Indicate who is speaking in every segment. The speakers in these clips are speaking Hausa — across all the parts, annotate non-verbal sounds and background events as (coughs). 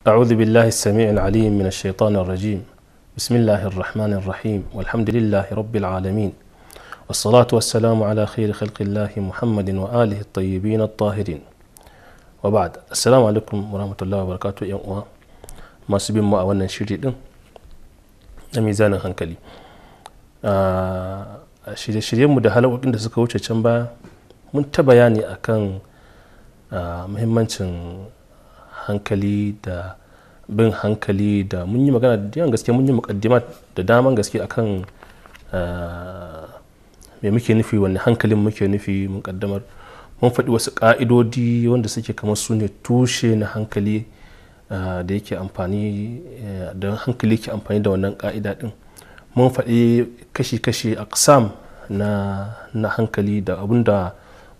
Speaker 1: أعوذ بالله السميع العليم من الشيطان الرجيم بسم الله الرحمن الرحيم والحمد لله رب العالمين والصلاة والسلام على خير خلق الله محمد وآله الطيبين الطاهرين وبعد السلام عليكم ورحمة الله وبركاته يا أمة ما سبب ما أولنا شيري دم ميزان خنكلي shirye shiryen mu da halakokin da suka wuce can baya hankali da bin hankali da mun yi magana da yawan gaske mun yi mukaddima da daman gaske akan ah, me muke nufi wani hankalin muke nufi mun kaddamar mun faɗi wasu ƙa'idodi wanda suke kamar su ne tushe na hankali ah, da yake amfani eh, da hankali ke amfani da wannan ƙa'ida ɗin mun faɗi kashi-kashi aksam na, na hankali da abinda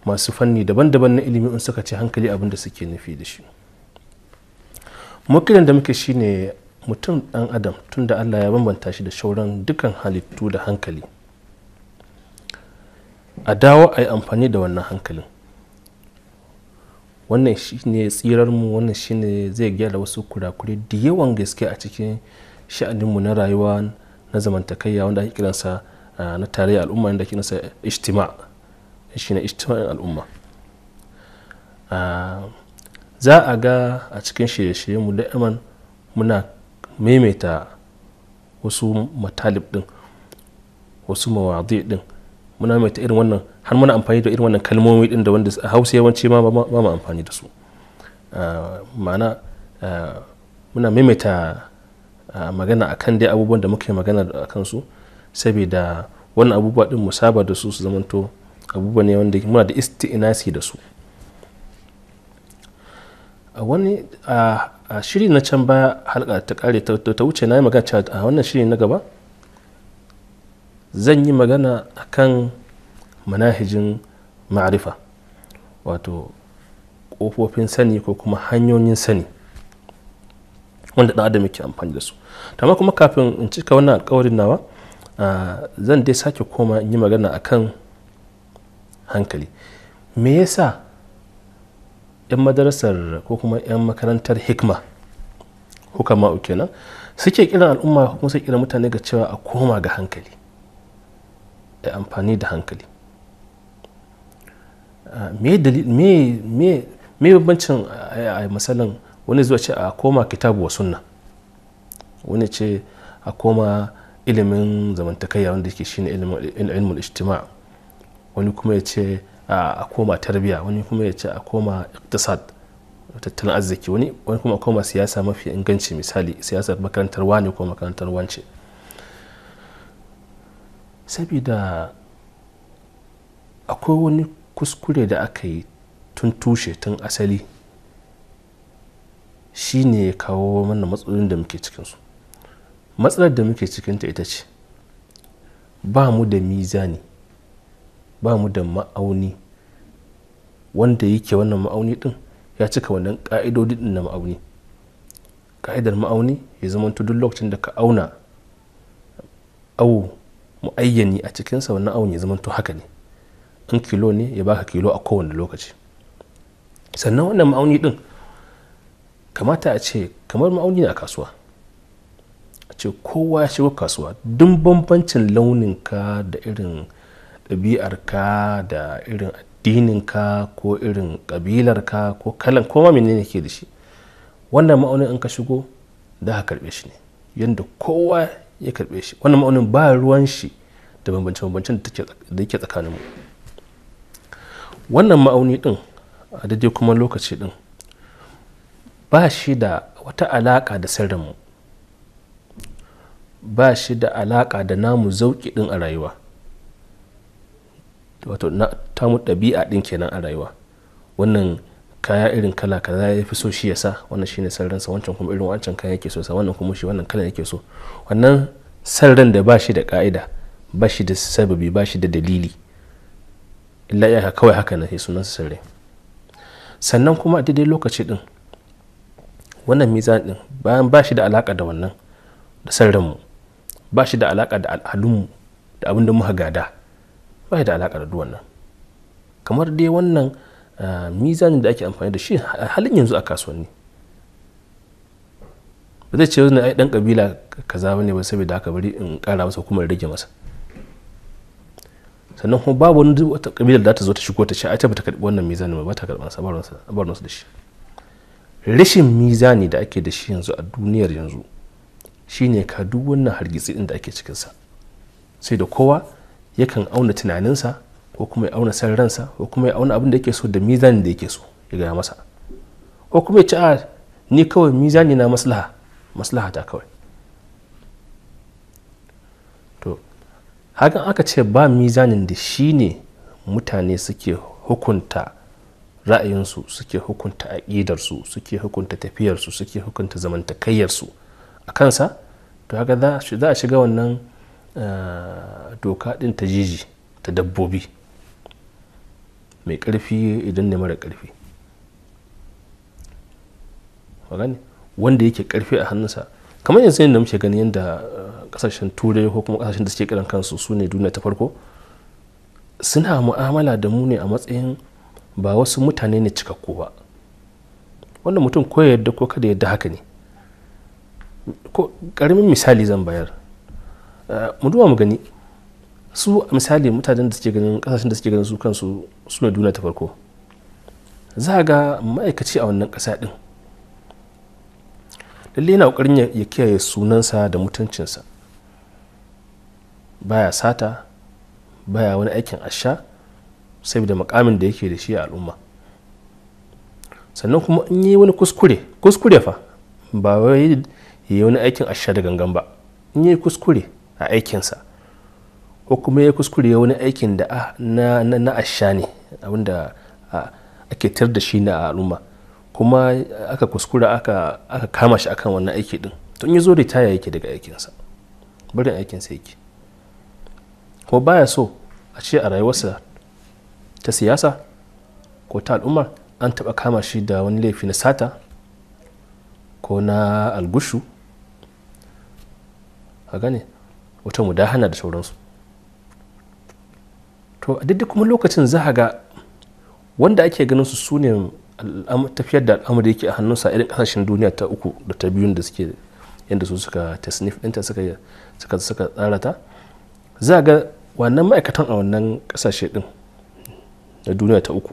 Speaker 1: masu fanni daban-daban na ilimi in suka ce hankali da suke nufi da shi mukirin da muke shine mutum dan adam tunda allah ya bambanta shi da shauran dukan halittu da hankali a dawo a yi amfani da wannan hankalin wannan shine tsirarmu wannan shine zai gyara wasu kurakure da yawan gaske a cikin sha'aninmu na rayuwa na zamantakayya wanda ake kiransa na tarayya al'umma yadda ake kiransa shi shine ishtima al'umma za a ga a cikin shirye-shiryenmu da iman muna maimaita wasu matalib din wasu mawadi din muna maimaita irin wannan har muna amfani da irin wannan kalmomi din da wanda a hausa yawanci ma ba mu amfani da su ah, ma'ana ah, muna maimaita ah, magana a kan dai abubuwan da muke magana a kansu saboda wannan abubuwa din mu saba da su su zamanto abubuwa ne wanda muna da isti'inasi da su a wani a shiri na can baya halka ta kare ta wuce na yi magana cewa a wannan shiri na gaba zan yi magana a kan manahijin ma'arifa wato ƙofofin sani ko kuma hanyoyin sani wanda ɗan adam yake amfani da su amma kuma kafin in cika wannan alkawarin nawa zan dai sake koma in yi magana a kan hankali me yasa 'yan madarasar ko kuma 'yan makarantar hikma hukama kenan suke kiran al'umma kuma suke kiran mutane ga cewa a koma ga hankali da amfani da hankali ah, me bambancin a misalin wani zuwa ce a koma kitabu wa sunna wani ce a koma ilimin zamantakayya wanda ke shi ne ilimin ijtima wani kuma ya ce a koma tarbiya wani kuma ya ce a koma iktisad tattalin arziki wani kuma a koma siyasa mafi inganci misali siyasar makarantar wani ko makarantar wance saboda akwai wani kuskure da aka yi tun tushe tun asali shi ne ya kawo mana matsalolin da muke cikinsu matsalar da muke cikinta ita ce ba mu da mizani ba mu da ma'auni wanda yake wannan ma'auni din ya cika wannan ka'idodi din na ma'auni ka'idar ma'auni ya zama duk lokacin da ka auna au mu'ayyani a cikinsa wannan awun ya zama haka ne in kilo ne ya baka kilo a kowane lokaci sannan wannan ma'auni din kamata a ce kamar ma'auni a kasuwa a ce kowa ya shigo kasuwa dun bambancin launinka da irin ɗabi'arka da irin addininka ko irin ƙabilarka ko kalan ma menene ke da shi wannan ma'aunin in ka shigo da ka karɓe shi ne yadda kowa ya karɓe shi wannan ma'aunin ba ruwan shi da bambance-bambancen da yake mu. wannan ma'auni ɗin a daidai kuma lokaci ɗin ba shi da wata alaƙa da sirrinmu ba shi da alaƙa da namu zauƙi ɗin a rayuwa wato ta mu ɗabi'a ɗin kenan a rayuwa wannan kaya irin kala kaza ya fi so shi ya sa wannan shi ne sarransa wancan kuma irin wancan kaya yake so sa wannan kuma shi wannan kala yake so wannan sarran da ba shi da ka'ida ba shi da sababi ba shi da dalili illa iyaka kawai haka na sunan sarre sannan kuma a daidai lokaci din wannan mizan din bayan ba shi da alaka da wannan da sarranmu ba shi da alaka da al'adunmu da abin da muka gada ba da alaƙa da duwannan kamar dai wannan ah, mizanin da ake amfani da shi halin yanzu a kasuwanni ba zai ce wani dan kabila kaza ne ba saboda haka bari in ƙara masa kuma rage masa sannan kuma babu wani wata kabilar da ta zo ta shigo ta ce a ta bata karbi wannan mizanin ba ta karban sa bar da shi rashin mizani da ake da shi yanzu a duniyar yanzu shine ka duk wannan hargitsi ɗin da ake cikin sa sai da kowa yakan auna tunaninsa ko kuma ya auna san ransa ko kuma ya auna abin da yake so da mizan da yake so ya gaya masa ko kuma ya ci a ah, ni kawai mizani na maslaha maslaha ta kawai to hakan aka ce ba mizanin da shi ne mutane suke hukunta ra'ayinsu suke hukunta aƙidarsu suke hukunta tafiyarsu suke hukunta zamantakayyarsu a kansa to haka za a shiga wannan Eh, doka ɗin ta jiji ta dabbobi mai ƙarfi idan ne mara ƙarfi wanda yake ƙarfi a hannunsa kamar yanzu yadda muke gani yadda kasashen eh, turai ko kuma kasashen da suke kiran kansu su ne duniya ta farko suna mu'amala da mu ne a matsayin ba wasu mutane ne cikakku ba wanda mutum ko yadda ko kada yadda haka ne ko ƙaramin misali zan bayar mu duba mu gani su a misali mutanen da suke ganin kasashen da suke ganin su kansu suna duniya ta farko za ga ma'aikaci a wannan kasa ɗin lalle yana kokarin ya kiyaye sunansa da mutuncinsa baya sata baya wani aikin asha saboda makamin da yake da shi a al'umma sannan kuma in yi wani kuskure kuskure fa ba wai yi wani aikin asha da gangan ba in yi kuskure a aikinsa ko kuma ya kuskure wani aikin da na, asha ne abinda ake tar da shi na al'umma kuma aka kuskura aka, kama shi akan wannan aiki din tun in ya zo ritaya yake daga aikinsa barin aikinsa yake ko baya so a ce a rayuwarsa ta siyasa ko ta al'ummar an taɓa kama shi da wani laifi na sata ko na algushu a gane wata mudahana da sauransu to a duk kuma lokacin za ga wanda ake ganin su su ne tafiyar da al'amur yake a hannunsa irin kasashen duniya ta uku da ta biyun da suke yadda su suka tasnif ɗinta suka suka tsara ta za ga wannan ma'aikatan a wannan kasashe ɗin na duniya ta uku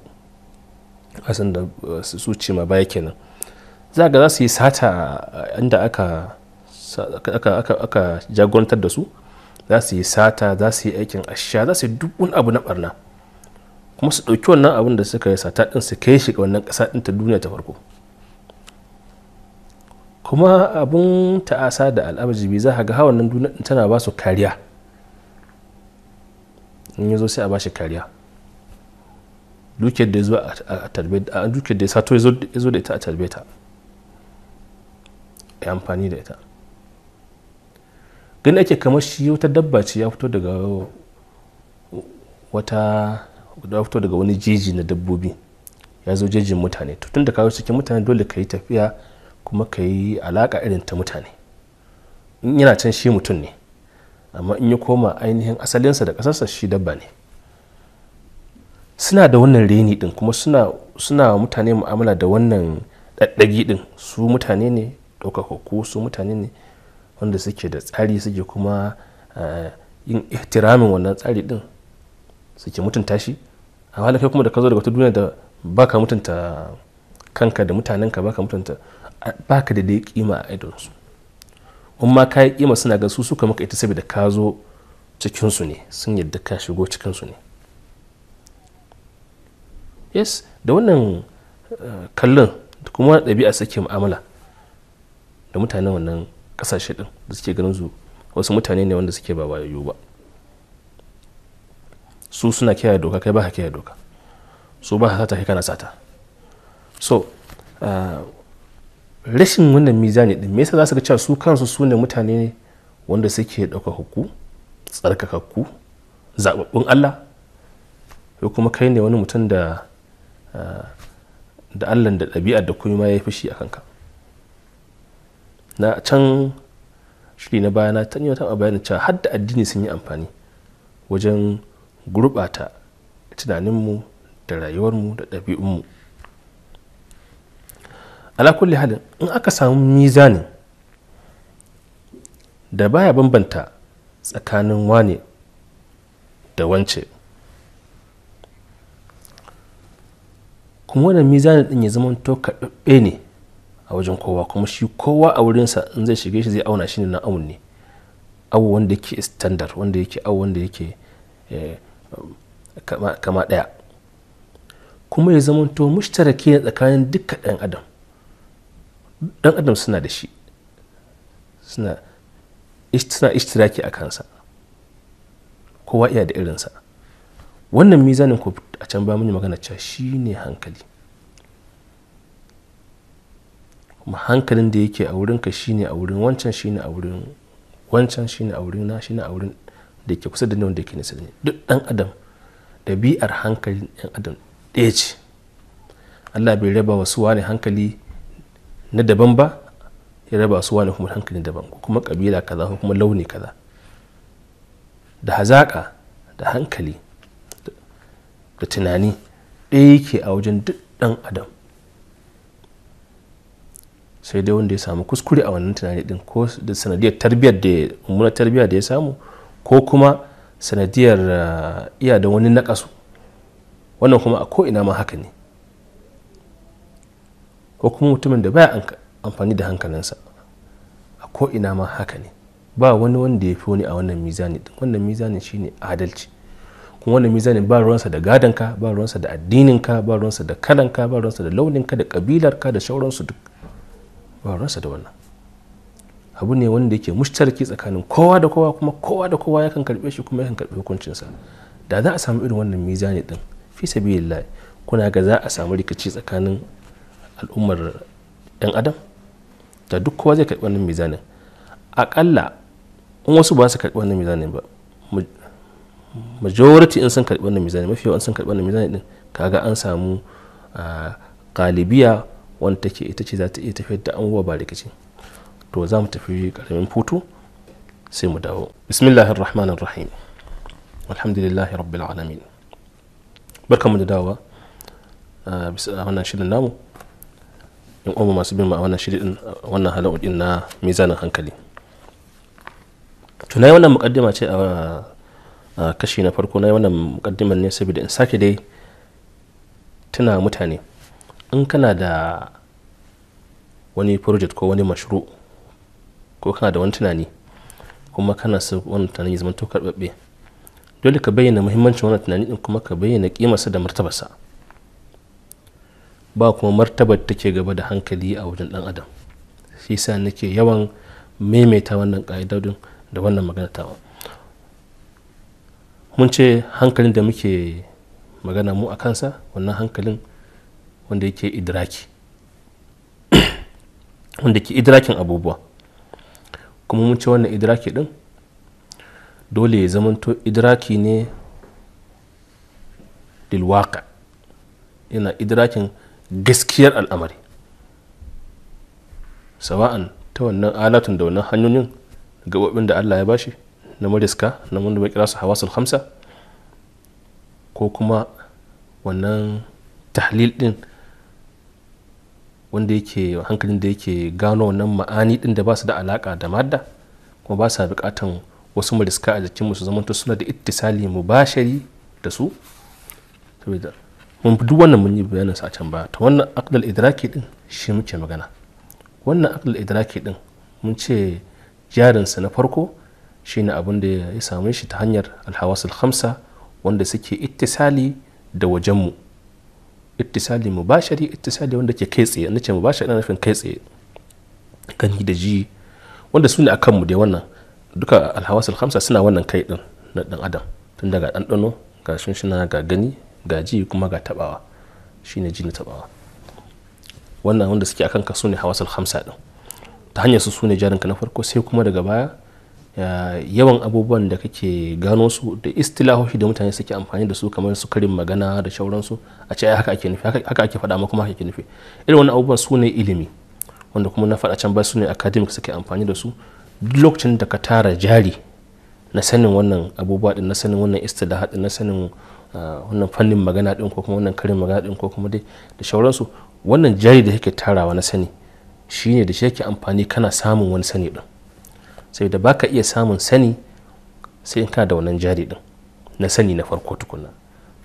Speaker 1: kasan da su ce ma baya kenan za ga za su yi sata inda aka aka jagorantar da su za su yi sata za su yi aikin asha za su yi duk wani abu na barna kuma su ɗauki wannan abin da suka yi sata ɗin su kai shi ga wannan ƙasa ɗin ta duniya ta farko kuma abin ta'asa da al'abajibi za a ga nan duniya ɗin tana ba su kariya in ya zo sai a ba shi kariya dukiyar da ya zo da ita a tarbe ta ya amfani da ita gani ake kamar shi wata dabba ce ya fito daga wata ya fito daga wani jeji na dabbobi ya zo jejin mutane to tun da kawo cikin mutane dole ka yi tafiya kuma ka yi alaka irin ta mutane in yana can shi mutum ne amma in ya koma ainihin asalinsa da ƙasarsa shi dabba ne suna da wannan reni din kuma suna suna mutane mu'amala da wannan ɗaɗɗagi din su mutane ne ɗaukakakku su mutane ne wanda suke da tsari suke kuma eh, yin ihtiramin wannan tsari din suke mutunta shi a halin kai kuma da ka zo daga wata duniya da baka mutunta kanka da mutanenka baka mutunta baka da dai kima a idonsu in ma ka kima suna ga su suka maka ita saboda ka zo cikinsu ne sun yadda ka shigo cikinsu ne yes da wannan eh, kallon da kuma ɗabi'a suke mu'amala da mutanen wannan kasashe din da suke ganin su wasu mutane ne wanda suke ba wayoyo ba su suna kiyaye doka kai ba ka kiyaye doka su ba sata kai kana sata so ah, rashin wannan mizani din me yasa za su ga cewa su kansu su ne mutane ne wanda suke ɗaukakakku tsarkakakku zababbun Allah ko kuma kai ne wani mutum da ah, da Allah da ɗabi'ar da kuma ya yi fushi a kanka na can shiri na baya na ta yi wata bayanin cewa har addini sun yi amfani wajen gurɓata tunaninmu da rayuwarmu da ɗabi'unmu alakulli halin in aka samu mizanin da baya bambanta tsakanin wane da wance kuma wannan mizanin ɗin ya zama to ne a wajen kowa kuma shi kowa a wurinsa in zai shige shi zai auna shi ne na amun ne awo wanda yake standard wanda yake awo wanda yake eh, kama daya kuma ya zama to mushtaraki ne tsakanin duka dan adam dan adam suna da shi suna ishtiraki a kansa kowa iya da irinsa wannan mizanin ko a can ba mun magana cewa shi ne hankali ma hankalin da yake a wurinka shine a wurin wancan shine a wurin wancan shine a wurin na shine a wurin da ke kusa da ni wanda ke nisa da ni duk dan adam ɗabi'ar hankalin ɗan adam ɗaya ce Allah bai raba wasu wani hankali na daban ba ya raba wasu wani kuma hankali daban ko kuma kabila kaza ko kuma launi kaza da hazaka da hankali da tunani ɗaya yake a wajen duk ɗan adam sai dai wanda ya samu kuskure a wannan tunani din ko da sanadiyar tarbiyyar da mummunar tarbiyya da ya samu ko kuma sanadiyar eh, iya da wani nakasu wannan kuma a ko ina ma haka ne ko kuma mutumin da baya amfani da hankalinsa a ko ina ma haka ne ba wani wanda ya fi wani a wannan mizani din wannan mizani shine adalci kuma wannan mizanin ba ruwansa da gadonka ba ruwansa da addininka ba ruwansa da kalanka ba ruwansa da launinka da kabilarka da shauransu duk ba da wannan abu ne wanda yake mushtarki tsakanin kowa da kowa kuma kowa da kowa yakan karbe shi kuma yakan karbe hukuncinsa da za a samu irin wannan mizani din fi sabilillah kuna ga za a samu rikici tsakanin al'ummar yan adam da duk kowa zai karbi wannan mizanin akalla in wasu ba su karbi wannan mizanin ba majority in sun karbi wannan mizanin mafi yawan sun karbi wannan mizanin din kaga an samu ah, galibiya wanda take ita ce za ta iya tafiyar da abubuwa ba rikici to za mu tafi karamin hutu sai mu dawo bismillahir rahmanir rahim alhamdulillahi rabbil alamin barkamu da dawowa bisa wannan shirin namu in uwa masu bin a wannan shirin wannan hala'udin na mizanin hankali to na wannan mukaddima ce a kashi na farko na yi wannan mukaddiman ne saboda in sake dai tuna mutane in kana da wani project ko wani mashru ko kana da wani tunani kuma kana so wani tunani ya zama to karbabbe dole ka bayyana muhimmancin wannan tunani din kuma ka bayyana kimarsa da martabarsa ba kuma martabar take gaba da hankali a wajen dan adam shi yasa nake yawan maimaita wannan ka'idodin da wannan magana tawa mun ce hankalin da muke magana mu a kansa wannan hankalin wanda yake idraki (coughs) wanda ke idrakin abubuwa kuma mun ce wannan idraki din dole ya zamanto idraki ne dilwaka yana idrakin gaskiyar al'amari sawa'an ta wannan alatun da wannan hanyoyin gababin da allah ya bashi na mariska na wanda mai kira su hawasul hamsa ko kuma wannan tahlil din wanda yake hankalin da yake gano wannan ma'ani din da ba su da alaka da madda kuma ba su bukatan wasu mariska a jikinmu su zamanta suna da ittisali mubashari da su saboda mun duk wannan mun yi bayanin sa a can ba ta wannan aqdal idraki din shi muke magana wannan aqdal idraki din mun ce jarinsa na farko shine abin da ya same shi ta hanyar alhawasul khamsa wanda suke ittisali da wajenmu ittisali mubashari ittisali wanda ke kai tsaye na ce mubashari ina nufin kai tsaye gani da ji wanda su ne a kanmu dai wannan duka alhawasul hamsa suna wannan kai din na dan adam tun daga ɗanɗano ga shunshina ga gani ga ji kuma ga tabawa shine ji na tabawa wannan wanda suke akan ka su ne hawasul hamsa din ta hanyar su su ne jarinka na farko sai kuma daga baya Eh, yawan abubuwan da kake gano su da istilahoshi da mutane suke amfani da su kamar su karin magana da shauransu a ce haka ake nufi haka ake faɗa kuma haka ake nufi irin wannan abubuwan su ne ilimi wanda kuma na faɗa can ba su ne academic suke amfani da su duk lokacin da ka tara jari na sanin wannan abubuwa din na sanin wannan istilah din na sanin eh, wannan fannin magana din ko kuma wannan karin magana din ko kuma dai da shauransu wannan jari da yake tarawa na sani shine da shi yake amfani kana samun wani sani din sai da baka iya samun sani sai in kana da wannan jari din na sani na farko tukunna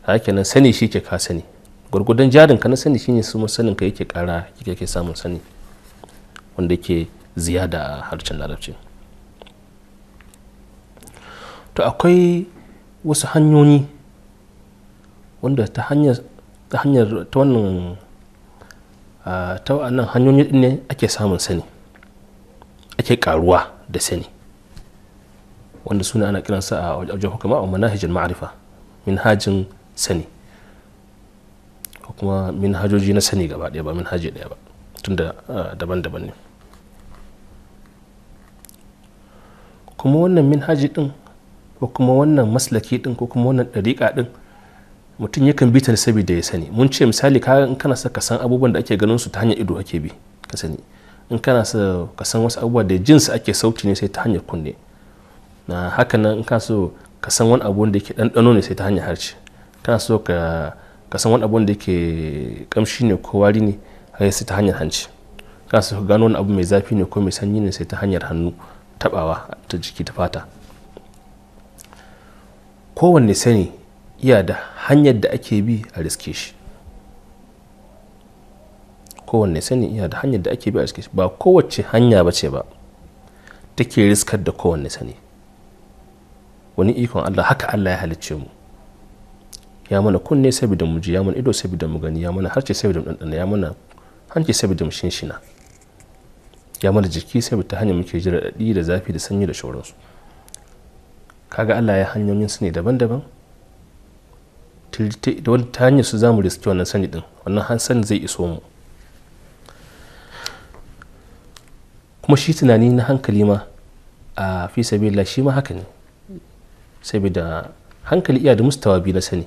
Speaker 1: haka nan sani shi ke ka sani gwargwadon jarin ka na sani shi ne su sanin ka yake kara ke samun sani wanda ke ziyada a harshen larabci to akwai wasu hanyoyi wanda ta hanyar ta hanyar ta wannan ah, ta wannan hanyoyi ne ake samun sani ake karuwa da sani wanda suna ana kiransa a wajen hukuma a manhajin ma'arifa hajin sani ko kuma min hajoji na sani gaba ɗaya ba min minhaji ɗaya ba tun da daban-daban ne kuma wannan min minhaji ɗin ko kuma wannan maslaki ɗin ko kuma wannan ɗariƙa ɗin mutum yakan bi ta ne saboda ya sani mun ce misali in kana saka san abubuwan da ake ganin su ta hanyar ido ake bi ka sani in kana so ka san wasu abubuwa da jinsu ake sauti ne sai ta hanyar kunne na haka nan in kana so ka san wani abu da yake ɗanɗano ne sai ta hanyar harshe kana so ka san wani abu da yake kamshi ne ko wari ne eh, sai ta hanyar hanci kana so ka gano wani abu mai zafi ne ko mai sanyi ne sai ta hanyar hannu tabawa ta jiki ta fata kowanne sani iya da hanyar da ake bi a riske shi kowanne sani yana da hanyar da ake bi a cikin ba kowace hanya ba ce ba take riskar da kowanne sani wani ikon Allah haka Allah ya halicce mu ya mana kunne saboda mu ya mana ido saboda mu gani ya mana harce saboda mu dandana ya mana hanci saboda mu shinshina ya mana jiki saboda ta hanyar muke jira daɗi da zafi da sanyi da shauransu kaga Allah ya hanyoyin su ne daban-daban ta hanyar su za mu riski wannan sani din wannan sani zai iso mu kuma shi tunani na hankali ma a fi sabila shi ma haka ne saboda hankali iya da mustawa biyu na sani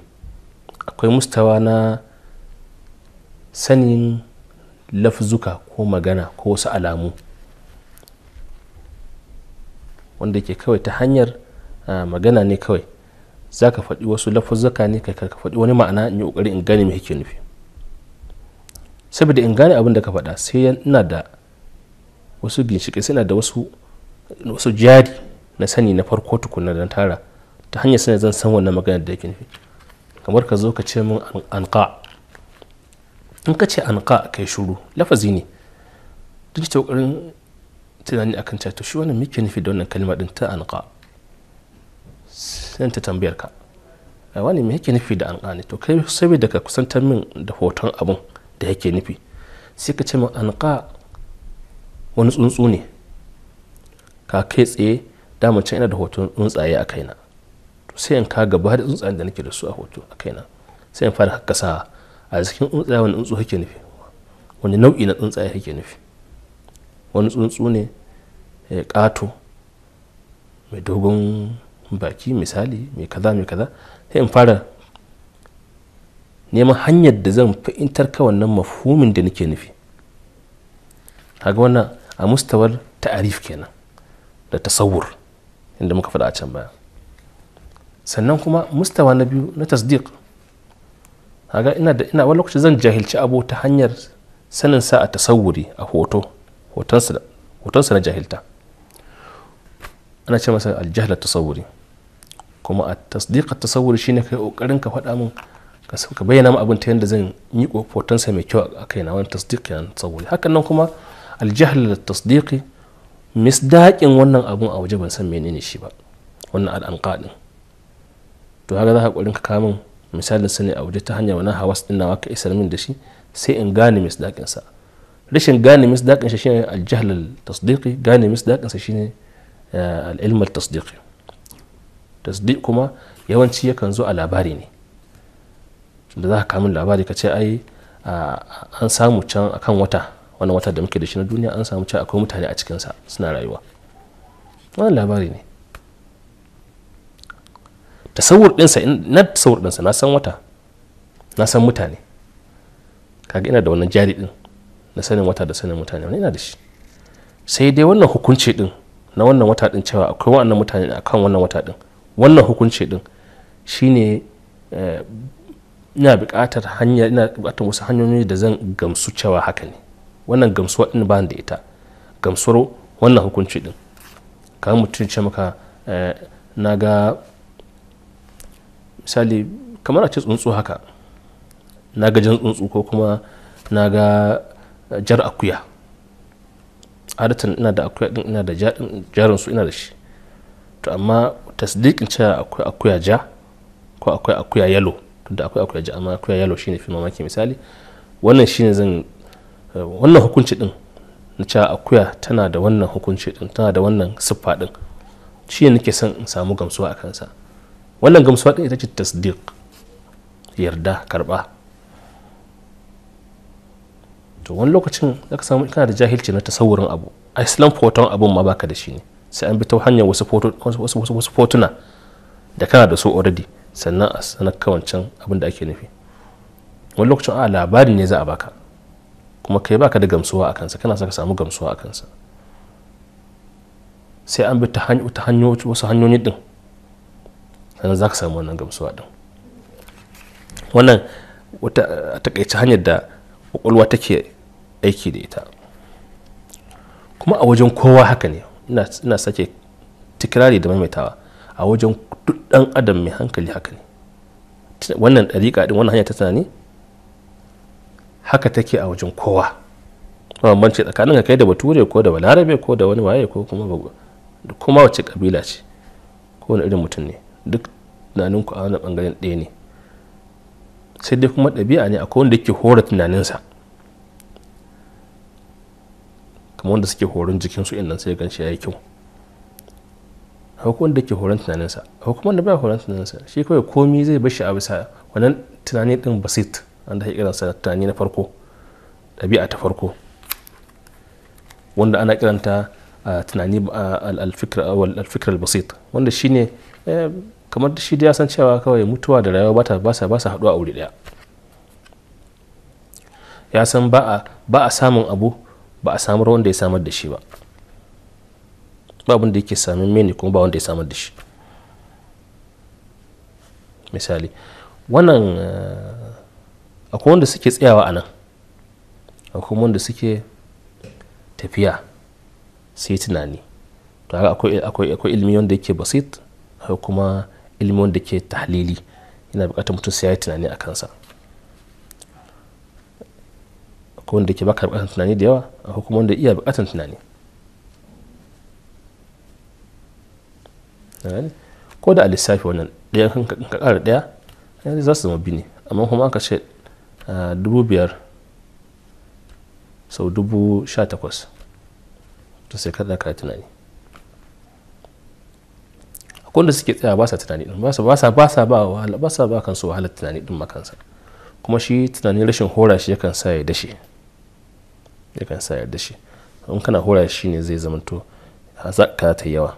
Speaker 1: akwai mustawa na sanin lafzuka ko magana ko wasu alamu wanda ke kawai ta hanyar magana ne kawai za ka faɗi wasu lafuzzuka ne ka faɗi wani ma'ana in yi ƙoƙari in gane me kake nufi saboda in gane abin da ka faɗa sai ina da wasu bincike suna da wasu jari na sani na farko tukuna da tara ta hanyar suna zan san wannan magana da yake nufi kamar ka zo ka ce min anka in ka ce anka kai shuru lafazi ne duk ta kokarin tunani akan ta to shi wannan muke nufi da wannan kalma din ta anka sai ta tambayar ka a wani me yake nufi da anka ne to kai saboda ka kusantar min da hoton abun da yake nufi sai ka ce min anka wani tsuntsu ne ka kai tsaye damar can ina da hoton tsuntsaye a kaina sai in ka gaba da tsuntsayen da nake da su a hoto a kaina sai in fara hakkasa a cikin tsuntsaye wani tsuntsu kake nufi wani nau'i na tsuntsaye kake nufi wani tsuntsu ne kato eh, mai dogon baki misali mai kaza mai kaza sai in fara neman hanyar da zan fahimtar ka wannan mafhumin da nake nufi kaga wannan a mustawar ta'arif kenan da tasawur inda muka faɗa a can baya sannan kuma mustawa na biyu na tasdiq haga ina da ina wani lokaci zan jahilci abu ta hanyar sanin sa a tasawuri a hoto hotonsa na jahilta ana ce masa aljahlar tasawuri kuma a tasdiq tasawuri shine kai kokarin ka faɗa min ka bayyana min abin ta yadda zan yi hotonsa mai kyau a kaina wani tasdiq yana tasawuri hakan nan kuma الجهل للتصديق misdaƙin wannan abun a waje ban san menene shi ba wannan al'anka din to haka za ka ƙoƙarin ka kamun misalin sani a waje ta hanyar wannan hawas din nawa ka isar min da shi sai in gane misdaqin sa rashin gane misdaqin shi shine al-tasdiq gane misdaqin sa shine al-ilm al tasdiq tasdiq kuma yawanci yakan zo a labari ne da za ka kamun labari ka ce ai an samu can akan wata wannan wata da muke da shi na duniya an samu cewa akwai mutane a cikinsa suna rayuwa wannan labari ne tasawur ɗinsa na tasawur ɗinsa na san wata na san mutane kaga ina da wannan jari ɗin na sanin wata da sanin mutane wani ina da shi sai dai wannan hukunci ɗin na wannan wata ɗin cewa akwai wa'annan mutane a kan wannan wata ɗin wannan hukunci ɗin shine eh, ina buƙatar hanya ina buƙatar wasu hanyoyi da zan gamsu cewa haka ne wannan gamsuwa din ba da ita gamsuwar wannan hukunci din kamar mutum ce maka eh, na ga misali kamar a ce tsuntsu haka na ga jan tsuntsu ko kuma na ga jar akuya adatan ina da akuya din ina da jarin su ina da shi to amma tasdikin cewa akwai akuya ja ko akwai akuya yalo da akwai akuya ja amma akuya yalo shine fi mamaki misali wannan shine zan wannan hukunci din na cewa akuya tana da wannan hukunci din tana da wannan siffa din shi ne nake son in samu gamsuwa a kansa wannan gamsuwa din ita ce tasdiq yarda karba to wani lokacin zaka samu kana da jahilci na tasawurin abu a islam foton abun ma baka da shi ne sai an bi ta hanyar wasu fotuna da kana da su already sannan a sanar kawancan abin da ake nufi wani lokacin a labari ne za a baka kuma kai baka da gamsuwa a kansa kana saka samu gamsuwa a kansa sai an bi ta wasu hanyoyi din sannan za ka samu wannan gamsuwa din wannan wata a takaici hanyar da kwakwalwa take aiki da ita kuma a wajen kowa haka ne ina sake tikirari da maimaitawa a wajen duk dan adam mai hankali haka ne wannan ɗariƙa din wannan hanyar ta tunani haka take a wajen kowa bambanci tsakanin kai da bature ko da balarabe ko da wani waye ko kuma kuma wace kabila ce ko wani irin mutum ne duk tunaninku a wani bangaren ɗaya ne sai dai kuma ɗabi'a ne akwai wanda yake hora tunaninsa kamar wanda suke horon jikinsu in sai gan shi ya yi kyau akwai wanda yake horon tunaninsa akwai kuma wanda ba horon tunaninsa shi kawai komi zai bashi a bisa wannan tunani din basit an da kiransa tunani na farko ɗabi'a ta farko wanda ana kiranta tunani alfikir albasit wanda shine eh, kamar shi da ya san cewa kawai mutuwa da rayuwa ba sa ba sa haɗuwa a wuri ɗaya ya san ba a samun abu ba a samar wanda ya samar da shi ba babin da yake samun mene kuma ba wanda ya samar da shi misali wannan eh, akwai wanda suke tsayawa a nan akwai wanda suke tafiya sai tunani to haka akwai ilimi wanda yake basit akwai kuma ilimi wanda yake tahlili yana bukatar mutum sai ya yi tunani a kansa akwai wanda yake baka bukatar tunani da yawa akwai kuma wanda iya bukatar tunani ko da a lissafi wannan ɗaya kan ka ƙara ɗaya za su zama bini amma kuma aka ce dubu biyar sau dubu sha takwas to sai kada ka tunani akwai da suke tsaya ba sa tunani din ba sa ba sa ba wahala ba sa ba kansu wahalar tunani din makansa kuma shi tunanin rashin hora shi yakan sa ya dashe yakan sa ya dashe in kana hora shi ne zai zamanto hazaka ta yawa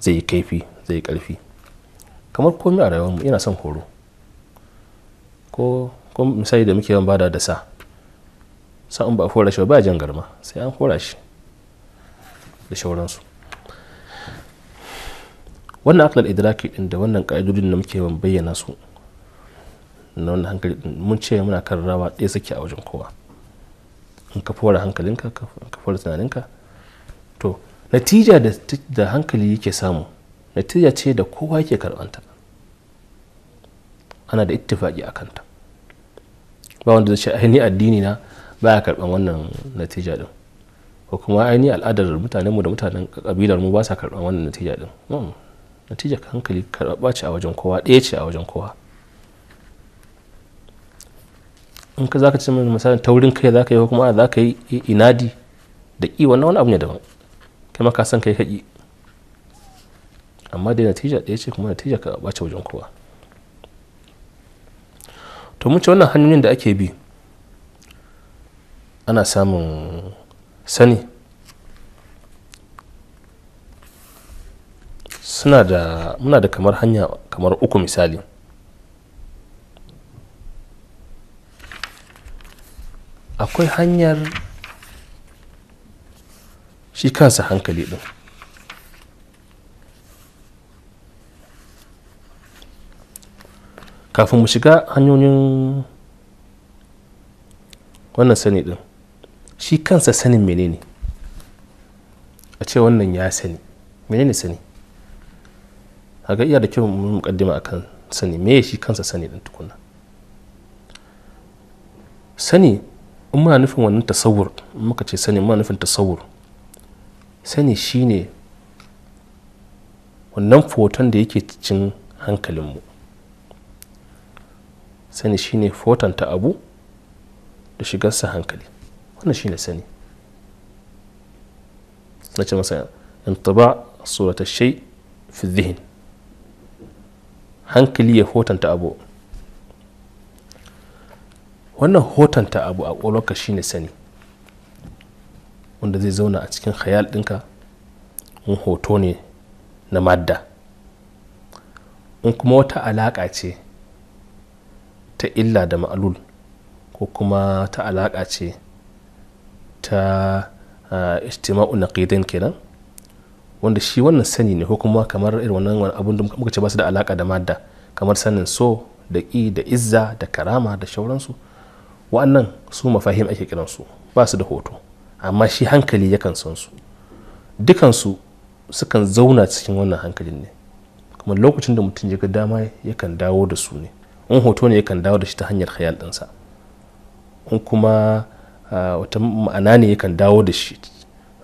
Speaker 1: zai yi kaifi zai yi karfi kamar komai a mu yana son horo ko kuma misali da muke yawan bada da sa in ba a hora shi ba jan garma sai an hora shi da shauransu wannan akalar idraki din da wannan ka'idodin da muke yawan bayyana su na wannan hankali mun ce muna kan rawa ɗaya suke a wajen kowa in ka fara hankalinka ka fara tunaninka to natija da hankali yake samu natija ce da kowa yake karɓanta ana da ittifaki a kanta ba wanda zai ni addini na ba ya karban wannan natija din ko kuma aini al'adar mutanen mu da mutanen kabilar mu ba sa karban wannan natija din hmm, natija hankali karɓa ce a wajen kowa ɗaya ce a wajen kowa in ka zaka ce misalin taurin kai zaka yi ko kuma ka yi inadi da ƙi wannan wani abu ne daban kai ma ka san kai ka ƙi amma dai natija ɗaya ce kuma natija ka ɓace wajen kowa to mun ce wannan hanyoyin da ake bi ana samun sani suna da muna da kamar hanya kamar uku misali akwai hanyar shi kansa hankali ɗin kafin mu shiga hanyoyin wannan sani din shi kansa sanin menene a ce wannan ya sani menene sani haga iya da kyau mu mukaddima akan sani me shi kansa sani din tukuna sani in muna nufin wannan tasawur in muka ce sani muna nufin tasawur sani shine wannan foton da yake cikin hankalinmu sani shine fotanta abu da shigarsa hankali wannan shine sani na ce masa intiba surata shai fi zihin hankali ya fotanta abu wannan hotanta abu a ƙwaƙwalwarka shine sani wanda zai zauna a cikin khayal ɗinka in hoto ne na madda in kuma wata alaƙa ce ta illa da ma'alul ko kuma ta alaƙa ce ta ijtima'u naqidain kenan wanda shi wannan sani ne ko kuma kamar irin wannan abin da muka ce ba su da alaƙa da madda kamar sanin so da ƙi da izza da karama da shauransu wa'annan su mafahim ake kiransu ba su da hoto amma shi hankali yakan san su dukansu sukan zauna cikin wannan hankalin ne kuma lokacin da mutum ya ga dama yakan dawo da su ne in hoto ne yakan dawo da shi ta hanyar hayal ɗinsa in kuma wata ma'ana ne yakan dawo da shi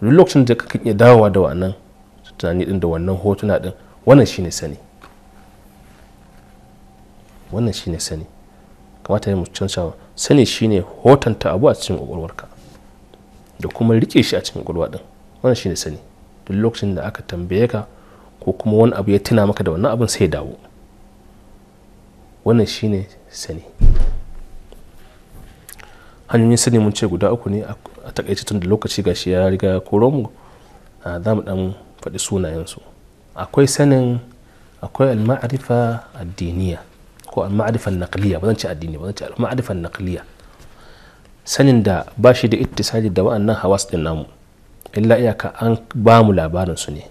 Speaker 1: duk lokacin da kakan iya dawowa da wannan tunani din da wannan hotuna din wannan shine sani wannan shine sani kamata ya mutum cewa sani shine hotonta abu a cikin kwakwalwarka da kuma rike shi a cikin kwakwalwa din wannan shine sani duk lokacin da aka tambaye ka ko kuma wani abu ya tuna maka da wannan abin sai dawo wannan shine sani hanyoyin sani mun ce guda uku ne a takaice tun da lokaci shi ya riga koron mu za mu dan faɗi sunayensu akwai sanin akwai al-ma'rifa addiniya ko al-ma'rifa ba zan ce addini ba zan ce al-ma'rifa naqliya sanin da ba shi da ittisali da wa'annan hawas din namu illa iyaka an ba mu labarin su ne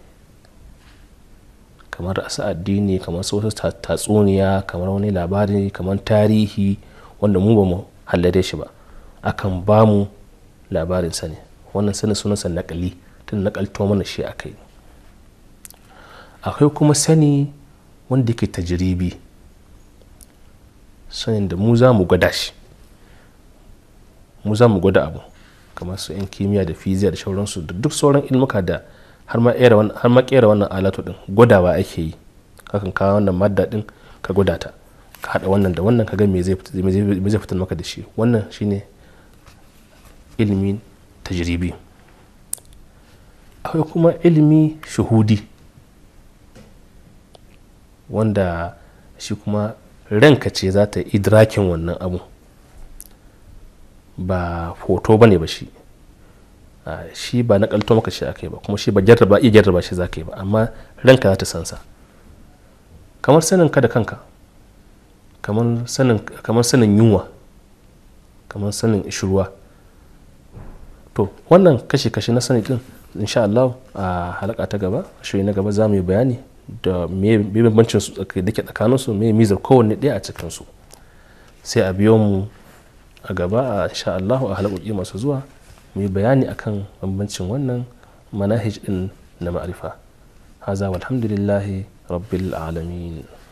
Speaker 1: kamar asu addini kamar su tatsuniya kamar wani labari kamar tarihi wanda mu ba mu hallade shi ba akan ba mu labarin sani wannan sani san nakali tun nakalto mana shi akai akwai kuma sani wanda yake tajiribi sanin da mu za mu gwada shi mu za mu gwada abu kamar su 'yan kimiyya da fiziya da sauransu da duk sauran ilmuka da har ma kera wannan alatu din gudawa ake yi kakan kawo wannan madda ka gudata ka hada wannan da wannan ka ga me zai fitar maka da shi wannan shine ilimin tajiribi akwai kuma ilimi shahudi wanda shi kuma ranka ce za ta idrakin wannan abu ba foto ba ne ba shi shi ba na kalto maka shi akai ba kuma shi ba jarraba iya jarraba shi za ka yi ba amma ranka za ta san sa kamar sanin ka da kanka kamar sanin yunwa kamar sanin ishirwa to wannan kashi kashi na sani din insha Allah a halaka ta gaba shi na gaba za mu yi bayani da me bambancin su da ke tsakanin su me mizar kowanne ɗaya a cikin su sai a biyo mu a gaba a insha Allah a halakoki masu zuwa mu yi bayani akan bambancin wannan manahij din na ma'arifa haza walhamdulillahi rabbil alamin